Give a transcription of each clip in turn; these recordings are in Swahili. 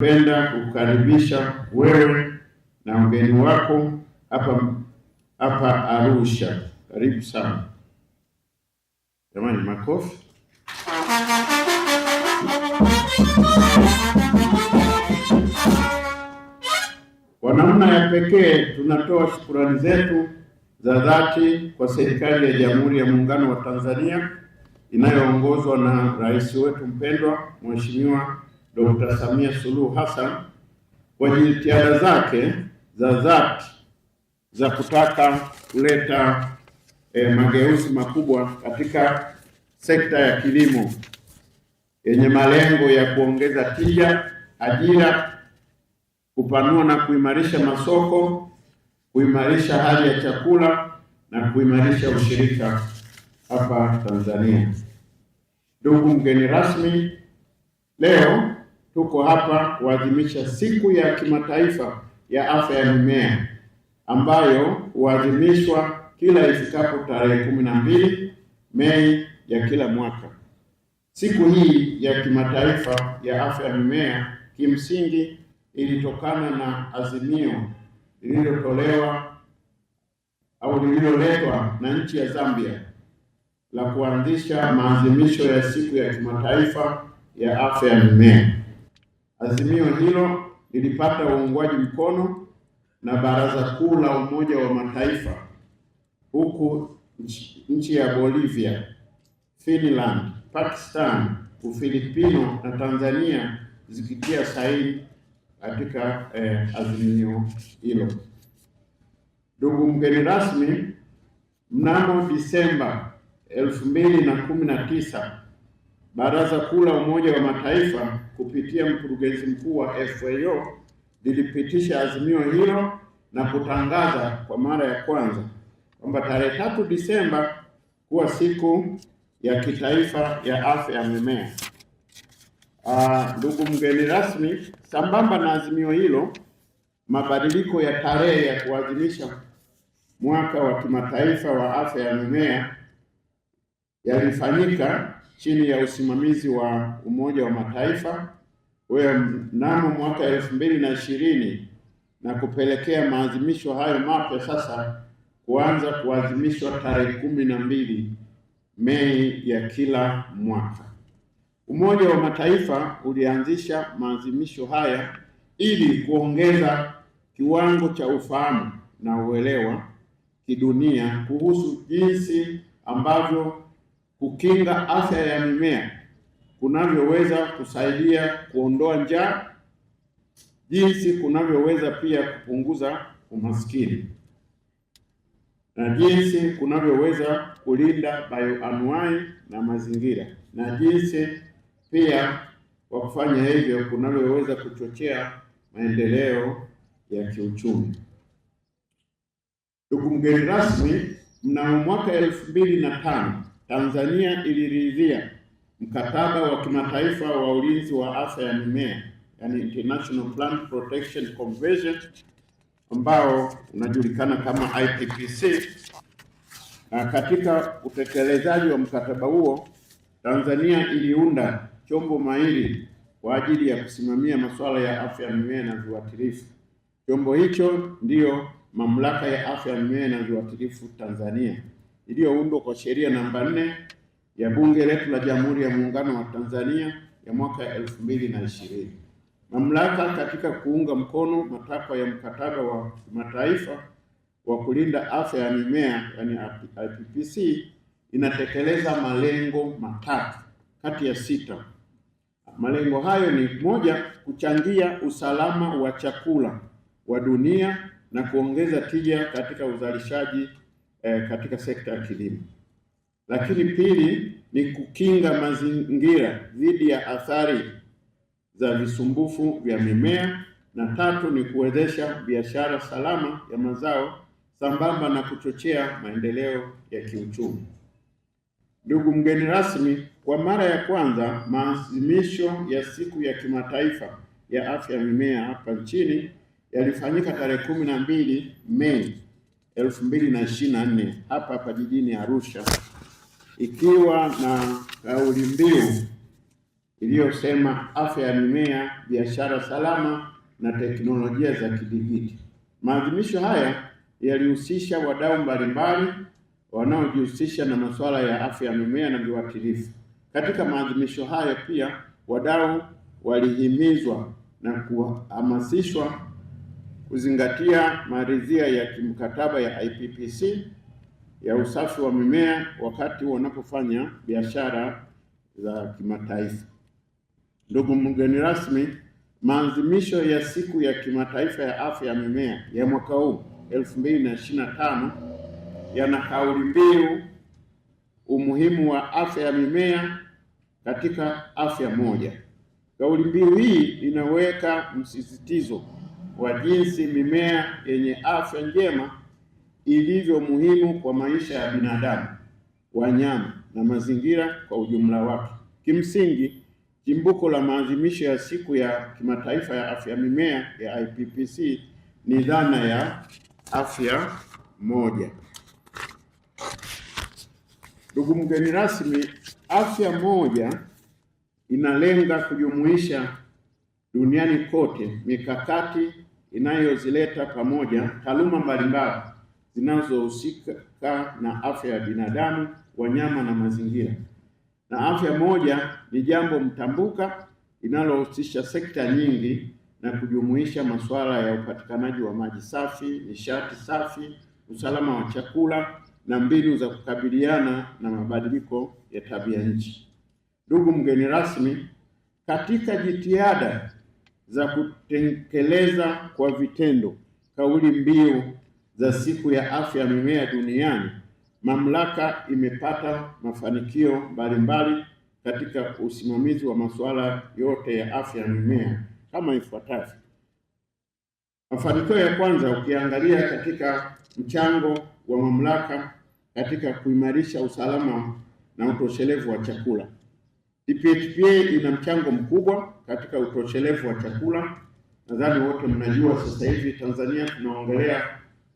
penda kukukaribisha wewe na mgeni wako hapa hapa Arusha. Karibu sana jamani, makofi. Kwa namna ya pekee tunatoa shukurani zetu za dhati kwa serikali ya Jamhuri ya Muungano wa Tanzania inayoongozwa na rais wetu mpendwa Mheshimiwa Dr. Samia Suluhu Hassan kwa jitihada zake za dhati za kutaka kuleta eh, mageuzi makubwa katika sekta ya kilimo yenye malengo ya kuongeza tija, ajira, kupanua na kuimarisha masoko, kuimarisha hali ya chakula na kuimarisha ushirika hapa Tanzania. Ndugu mgeni rasmi, leo tuko hapa kuadhimisha siku ya kimataifa ya afya ya mimea ambayo huadhimishwa kila ifikapo tarehe kumi na mbili Mei ya kila mwaka. Siku hii ya kimataifa ya afya ya mimea kimsingi ilitokana na azimio lililotolewa au lililoletwa na nchi ya Zambia la kuanzisha maadhimisho ya siku ya kimataifa ya afya ya mimea. Azimio hilo lilipata uungwaji mkono na Baraza Kuu la Umoja wa Mataifa, huku nchi ya Bolivia, Finland, Pakistan, Ufilipino na Tanzania zikitia saini katika eh, azimio hilo. Ndugu mgeni rasmi, mnamo Disemba elfu mbili na kumi na tisa Baraza Kuu la Umoja wa Mataifa kupitia mkurugenzi mkuu wa FAO lilipitisha azimio hilo na kutangaza kwa mara ya kwanza kwamba tarehe tatu Disemba kuwa siku ya kitaifa ya afya ya mimea. Ah, ndugu mgeni rasmi, sambamba na azimio hilo, mabadiliko ya tarehe ya kuadhimisha mwaka wa kimataifa wa afya ya mimea yalifanyika chini ya usimamizi wa Umoja wa Mataifa wewe mnamo mwaka elfu mbili na ishirini na kupelekea maadhimisho hayo mapya sasa kuanza kuadhimishwa tarehe kumi na mbili Mei ya kila mwaka. Umoja wa Mataifa ulianzisha maadhimisho haya ili kuongeza kiwango cha ufahamu na uelewa kidunia kuhusu jinsi ambavyo kukinga afya ya mimea kunavyoweza kusaidia kuondoa njaa, jinsi kunavyoweza pia kupunguza umaskini na jinsi kunavyoweza kulinda bioanuai na mazingira na jinsi pia kwa kufanya hivyo kunavyoweza kuchochea maendeleo ya kiuchumi. Ndugu mgeni rasmi, mnamo mwaka elfu mbili na tano Tanzania iliridhia mkataba wa kimataifa wa ulinzi wa afya ya mimea, yani International Plant Protection Convention ambao unajulikana kama IPPC. Na katika utekelezaji wa mkataba huo, Tanzania iliunda chombo mahiri kwa ajili ya kusimamia masuala ya afya ya mimea na viuatilifu. Chombo hicho ndiyo Mamlaka ya Afya ya Mimea na Viuatilifu Tanzania iliyoundwa kwa sheria namba nne ya Bunge letu la Jamhuri ya Muungano wa Tanzania ya mwaka elfu mbili na ishirini. Mamlaka katika kuunga mkono matakwa ya mkataba wa kimataifa wa kulinda afya ya mimea yani IPPC inatekeleza malengo matatu kati ya sita. Malengo hayo ni moja, kuchangia usalama wa chakula wa dunia na kuongeza tija katika uzalishaji eh, katika sekta ya kilimo. Lakini pili ni kukinga mazingira dhidi ya athari za visumbufu vya mimea, na tatu ni kuwezesha biashara salama ya mazao sambamba na kuchochea maendeleo ya kiuchumi. Ndugu mgeni rasmi, kwa mara ya kwanza maadhimisho ya siku ya kimataifa ya afya ya mimea hapa nchini yalifanyika tarehe kumi na mbili Mei elfu mbili na ishirini na nne hapa hapa jijini Arusha ikiwa na kauli mbiu iliyosema afya ya mimea, biashara salama na teknolojia za kidijiti. Maadhimisho haya yalihusisha wadau mbalimbali wanaojihusisha na masuala ya afya ya mimea na viuatilifu. Katika maadhimisho hayo pia wadau walihimizwa na kuhamasishwa kuzingatia maridhia ya kimkataba ya IPPC ya usafi wa mimea wakati wanapofanya biashara za kimataifa. Ndugu mgeni rasmi, maadhimisho ya siku ya kimataifa ya afya ya mimea ya mwaka huu 2025 yana kauli mbiu umuhimu wa afya ya mimea katika afya moja. Kauli mbiu hii inaweka msisitizo wa jinsi mimea yenye afya njema ilivyo muhimu kwa maisha ya binadamu, wanyama na mazingira kwa ujumla wake. Kimsingi, chimbuko la maadhimisho ya siku ya kimataifa ya afya mimea ya IPPC ni dhana ya afya moja. Ndugu mgeni rasmi, afya moja inalenga kujumuisha duniani kote mikakati inayozileta pamoja taaluma mbalimbali zinazohusika na afya ya binadamu, wanyama na mazingira. Na afya moja ni jambo mtambuka linalohusisha sekta nyingi na kujumuisha masuala ya upatikanaji wa maji safi, nishati safi, usalama wa chakula na mbinu za kukabiliana na mabadiliko ya tabia nchi. Ndugu mgeni rasmi, katika jitihada za kutekeleza kwa vitendo kauli mbiu za siku ya afya ya mimea duniani, mamlaka imepata mafanikio mbalimbali katika usimamizi wa masuala yote ya afya ya mimea kama ifuatavyo. Mafanikio ya kwanza, ukiangalia katika mchango wa mamlaka katika kuimarisha usalama na utoshelevu wa chakula DPHPA e ina mchango mkubwa katika utoshelevu wa chakula. Nadhani wote mnajua sasa hivi Tanzania tunaongelea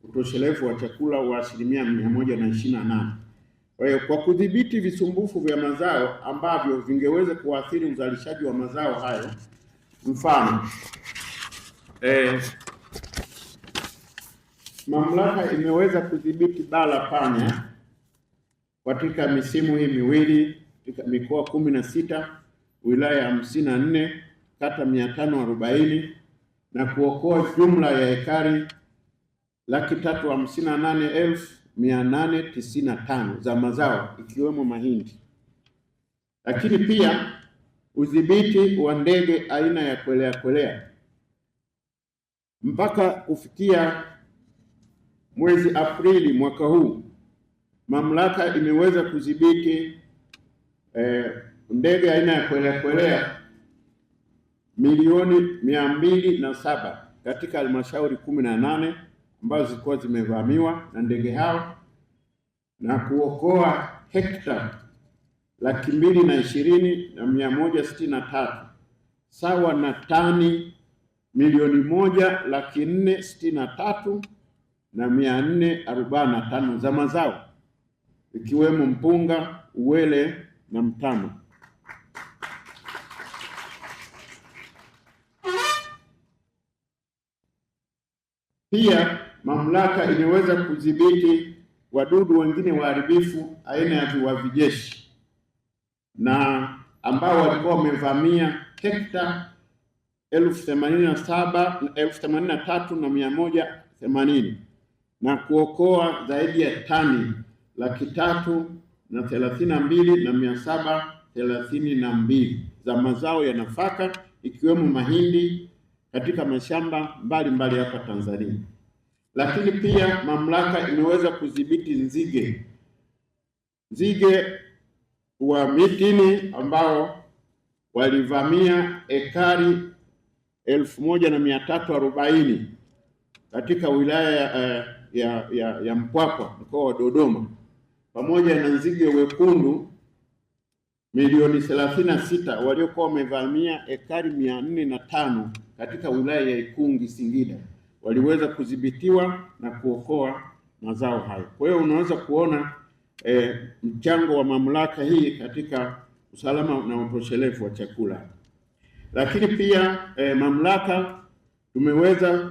utoshelevu wa chakula wa asilimia mia moja na ishirini na nane. Kwa hiyo kwa kudhibiti visumbufu vya mazao ambavyo vingeweza kuathiri uzalishaji wa mazao hayo, mfano eh, mamlaka imeweza kudhibiti bala panya katika misimu hii miwili katika mikoa kumi na sita, wilaya hamsini na nne, kata mia tano arobaini na kuokoa jumla ya hekari laki tatu hamsini na nane elfu mia nane tisini na tano za mazao ikiwemo mahindi. Lakini pia udhibiti wa ndege aina ya kwelea kwelea mpaka kufikia mwezi Aprili mwaka huu mamlaka imeweza kudhibiti eh, ndege aina ya kwelea kwelea milioni mia mbili na saba katika halmashauri kumi na nane ambazo zilikuwa zimevamiwa na ndege hao na kuokoa hekta laki mbili na ishirini na mia moja sitini na tatu sawa na tani milioni moja laki nne sitini na tatu na mia nne arobaini na tano za mazao ikiwemo mpunga, uwele na mtano. Pia mamlaka inaweza kudhibiti wadudu wengine waharibifu aina ya viwavijeshi na ambao walikuwa wamevamia hekta elfu themanini na saba elfu themanini na tatu na mia moja themanini na kuokoa zaidi ya tani laki tatu na thelathini na mbili na mia saba thelathini na mbili za mazao ya nafaka ikiwemo mahindi katika mashamba mbalimbali hapa Tanzania. Lakini pia mamlaka imeweza kudhibiti nzige nzige wa mitini ambao walivamia ekari elfu moja na mia tatu arobaini katika wilaya ya, eh, ya, ya, ya Mpwapwa mkoa wa Dodoma pamoja na nzige wekundu milioni sita waliokuwa wamevamia ekari mia nne na tano katika wilaya ya Ikungi Singida waliweza kudhibitiwa na kuokoa mazao hayo. Kwa hiyo unaweza kuona e, mchango wa mamlaka hii katika usalama na utoshelevu wa chakula. Lakini pia e, mamlaka tumeweza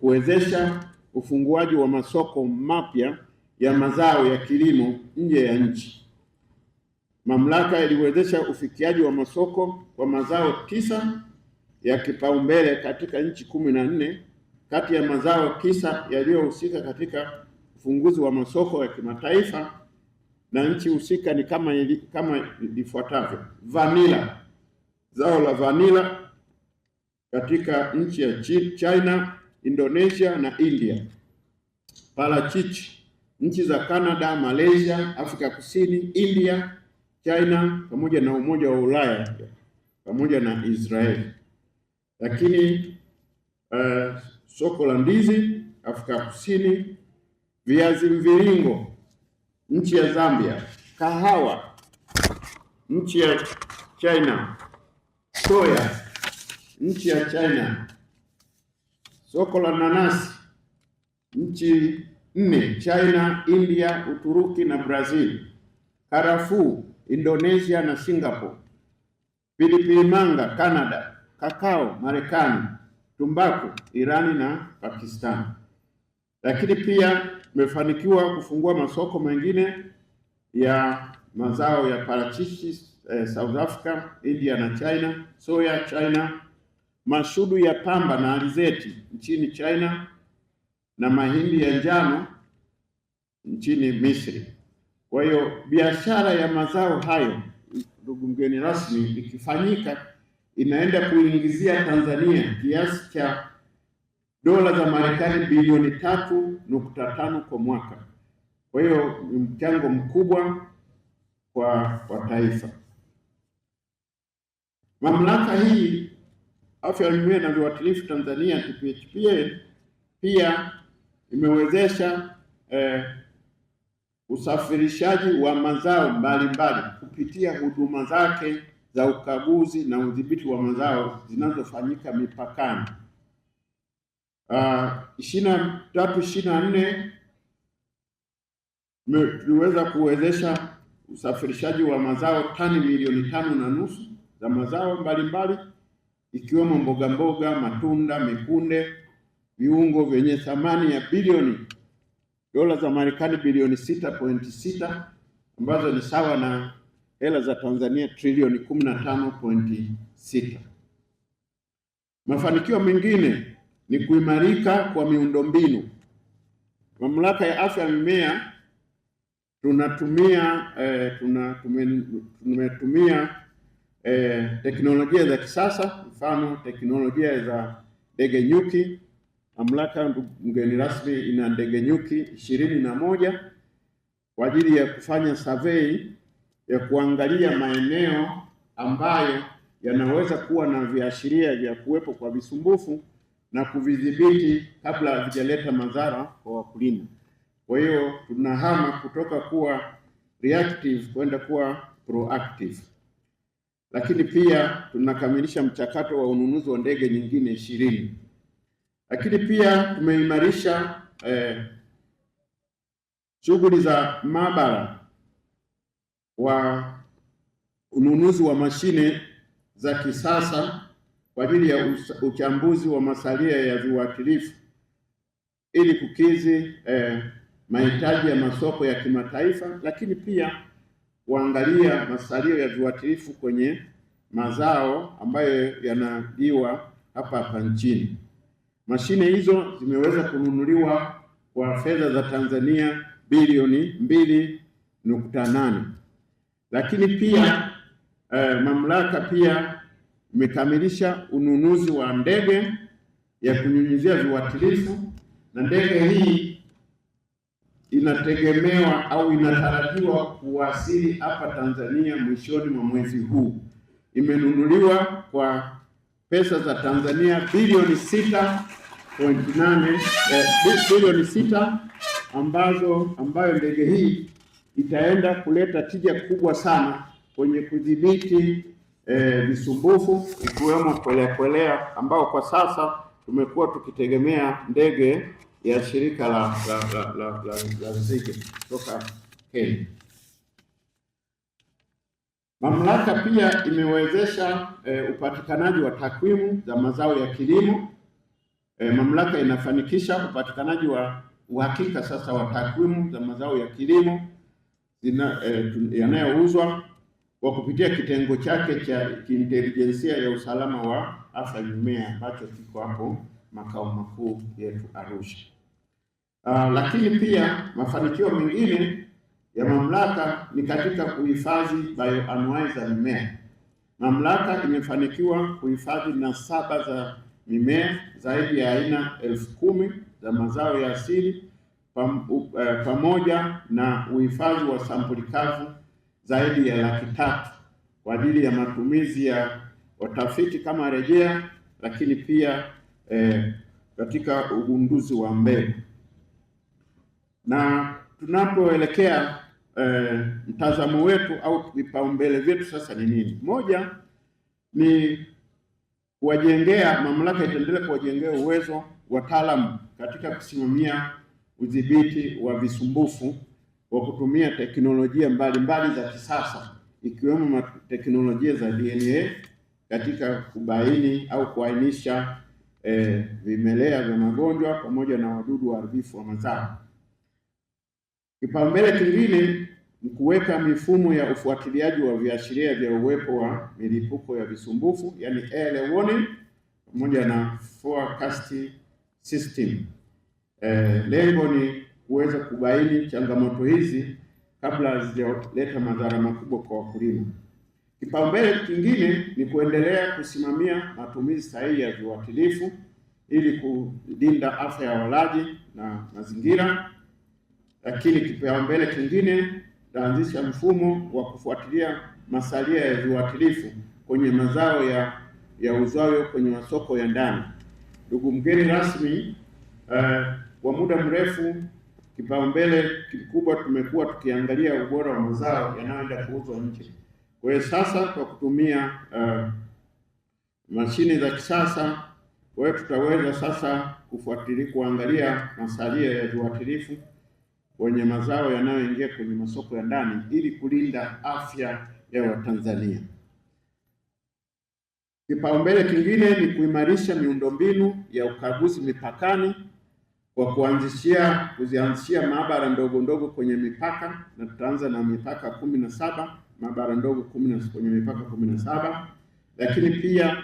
kuwezesha ufunguaji wa masoko mapya ya mazao ya kilimo nje ya nchi. Mamlaka iliwezesha ufikiaji wa masoko kwa mazao tisa ya kipaumbele katika nchi kumi na nne kati ya mazao tisa yaliyohusika katika ufunguzi wa masoko ya kimataifa na nchi husika ni kama ili, kama ifuatavyo: vanila, zao la vanila katika nchi ya China, Indonesia na India; parachichi nchi za Canada, Malaysia, Afrika Kusini, India, China pamoja na Umoja wa Ulaya pamoja na Israeli. Lakini uh, soko la ndizi Afrika Kusini, viazi mviringo nchi ya Zambia, kahawa nchi ya China, soya nchi ya China, soko la nanasi nchi nne China, India, Uturuki na Brazil. Karafuu Indonesia na Singapore. Pilipili manga Canada, kakao Marekani, tumbaku Irani na Pakistan. Lakini pia imefanikiwa kufungua masoko mengine ya mazao ya parachichi eh, South Africa, India na China, soya China, mashudu ya pamba na alizeti nchini China na mahindi ya njano nchini Misri. Kwa hiyo biashara ya mazao hayo, ndugu mgeni rasmi, ikifanyika inaenda kuingizia Tanzania kiasi cha dola za Marekani bilioni tatu nukta tano kwa mwaka. Kwa hiyo ni mchango mkubwa kwa kwa taifa. Mamlaka hii afya ya mimea na viuatilifu Tanzania TPHPA pia imewezesha eh, usafirishaji wa mazao mbalimbali kupitia huduma zake za ukaguzi na udhibiti wa mazao zinazofanyika mipakani. Ah, ishirini na tatu ishirini na nne tuliweza kuwezesha usafirishaji wa mazao tani milioni tano na nusu za mazao mbalimbali ikiwemo mboga mboga, matunda, mikunde viungo vyenye thamani ya bilioni dola za Marekani bilioni 6.6 ambazo ni sawa na hela za Tanzania trilioni 15.6. Mafanikio mengine ni kuimarika kwa miundombinu. Mamlaka ya afya ya mimea tunatumia eh, tuna, tumetumia eh, teknolojia za kisasa, mfano teknolojia za ndege nyuki Mamlaka, mgeni rasmi, ina ndege nyuki ishirini na moja kwa ajili ya kufanya survey ya kuangalia maeneo ambayo yanaweza kuwa na viashiria vya kuwepo kwa visumbufu na kuvidhibiti kabla havijaleta madhara kwa wakulima. Kwa hiyo tunahama kutoka kuwa reactive kwenda kuwa proactive. Lakini pia tunakamilisha mchakato wa ununuzi wa ndege nyingine ishirini. Lakini pia tumeimarisha eh, shughuli za maabara wa ununuzi wa mashine za kisasa kwa ajili ya uchambuzi wa masalia ya viuatilifu ili kukidhi eh, mahitaji ya masoko ya kimataifa, lakini pia kuangalia masalio ya viuatilifu kwenye mazao ambayo yanaliwa hapa hapa nchini. Mashine hizo zimeweza kununuliwa kwa fedha za Tanzania bilioni mbili nukta nane lakini pia eh, mamlaka pia imekamilisha ununuzi wa ndege ya kunyunyizia viuatilifu, na ndege hii inategemewa au inatarajiwa kuwasili hapa Tanzania mwishoni mwa mwezi huu. Imenunuliwa kwa pesa za Tanzania bilioni 6.8 eh, bilioni sita ambazo ambayo ndege hii itaenda kuleta tija kubwa sana kwenye kudhibiti eh, ikiwemo kwelea kwelea ambao kwa sasa tumekuwa tukitegemea ndege ya shirika la la, la, la, la, la, la, la, la, la, la, la, la, la Mamlaka pia imewezesha e, upatikanaji wa takwimu za mazao ya kilimo. E, mamlaka inafanikisha upatikanaji wa uhakika sasa wa takwimu za mazao ya kilimo e, yanayouzwa kwa kupitia kitengo chake cha kiintelijensia ya usalama wa afya mimea ambacho kiko hapo makao makuu yetu Arusha. Uh, lakini pia mafanikio mengine ya mamlaka ni katika kuhifadhi bioanuwai za mimea. Mamlaka imefanikiwa kuhifadhi nasaba za mimea zaidi ya aina elfu kumi za mazao ya asili pam, uh, pamoja na uhifadhi wa sampuli kavu zaidi ya laki tatu kwa ajili ya matumizi ya watafiti kama rejea, lakini pia eh, katika ugunduzi wa mbegu na tunapoelekea e, mtazamo wetu au vipaumbele vyetu sasa ni nini? Moja ni kuwajengea mamlaka, itaendelea kuwajengea uwezo wataalamu katika kusimamia udhibiti wa visumbufu wa kutumia teknolojia mbalimbali mbali za kisasa ikiwemo teknolojia za DNA katika kubaini au kuainisha e, vimelea vya magonjwa pamoja na wadudu waharibifu wa mazao. Kipaumbele kingine ni kuweka mifumo ya ufuatiliaji wa viashiria vya uwepo wa milipuko ya visumbufu yani early warning pamoja na forecast system. Eh, lengo ni kuweza kubaini changamoto hizi kabla hazijaleta madhara makubwa kwa wakulima. Kipaumbele kingine ni kuendelea kusimamia matumizi sahihi ya viuatilifu ili kulinda afya ya walaji na mazingira. Lakini kipaumbele kingine taanzisha mfumo wa kufuatilia masalia ya viuatilifu kwenye mazao ya yauzwayo kwenye masoko ya ndani. Ndugu mgeni rasmi, eh, kwa uh, muda mrefu kipaumbele kikubwa tumekuwa tukiangalia ubora wa mazao yanayoenda kuuzwa nje. Kwa hiyo sasa kwa kutumia uh, mashine za kisasa, kwa hiyo tutaweza sasa kufuatilia kuangalia masalia ya viuatilifu wenye mazao yanayoingia kwenye masoko ya ndani ili kulinda afya ya Watanzania. Kipaumbele kingine ni kuimarisha miundombinu ya ukaguzi mipakani kwa kuanzishia kuzianzishia maabara ndogo ndogo kwenye mipaka, na tutaanza na mipaka kumi na saba maabara ndogo kwenye mipaka kumi na saba lakini pia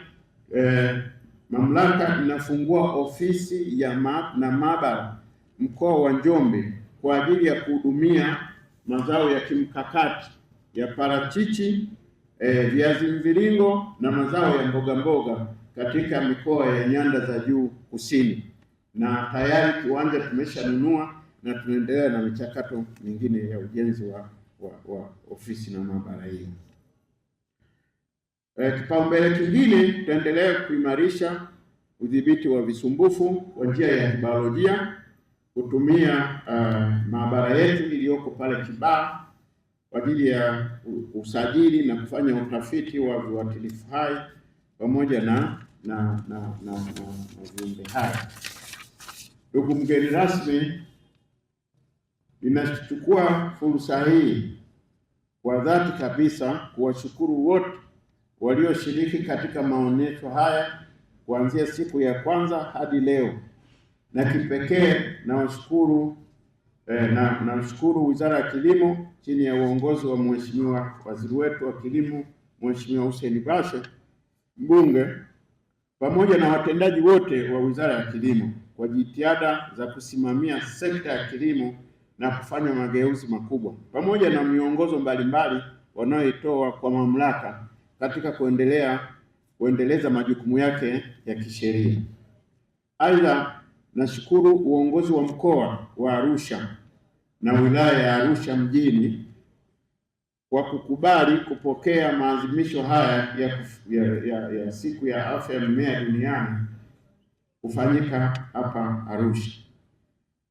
eh, mamlaka inafungua ofisi ya ma, na maabara mkoa wa Njombe kwa ajili ya kuhudumia mazao ya kimkakati ya parachichi, e, viazi mviringo na mazao ya mboga mboga katika mikoa ya nyanda za juu kusini, na tayari kiwanja tumeshanunua na tunaendelea na michakato mingine ya ujenzi wa, wa, wa ofisi na maabara hiyo. E, eh, kipaumbele kingine tutaendelea kuimarisha udhibiti wa visumbufu kwa njia ya kibiolojia kutumia uh, maabara yetu iliyoko pale kibaa kwa ajili ya usajili na kufanya utafiti wa viuatilifu hai pamoja na na na na, na, na viumbe hai. Ndugu mgeni rasmi, ninachukua fursa hii kwa dhati kabisa kuwashukuru wote walioshiriki katika maonyesho haya kuanzia siku ya kwanza hadi leo na kipekee nawashukuru eh, na nashukuru Wizara ya Kilimo chini ya uongozi wa Mheshimiwa Waziri wetu wa Kilimo Mheshimiwa Hussein Bashe mbunge pamoja na watendaji wote wa Wizara ya Kilimo kwa jitihada za kusimamia sekta ya kilimo na kufanya mageuzi makubwa pamoja na miongozo mbalimbali wanayoitoa kwa mamlaka katika kuendelea kuendeleza majukumu yake ya kisheria. Aidha, Nashukuru uongozi wa mkoa wa Arusha na wilaya ya Arusha mjini kwa kukubali kupokea maadhimisho haya ya, ya, ya, ya siku ya afya ya mimea duniani kufanyika hapa Arusha.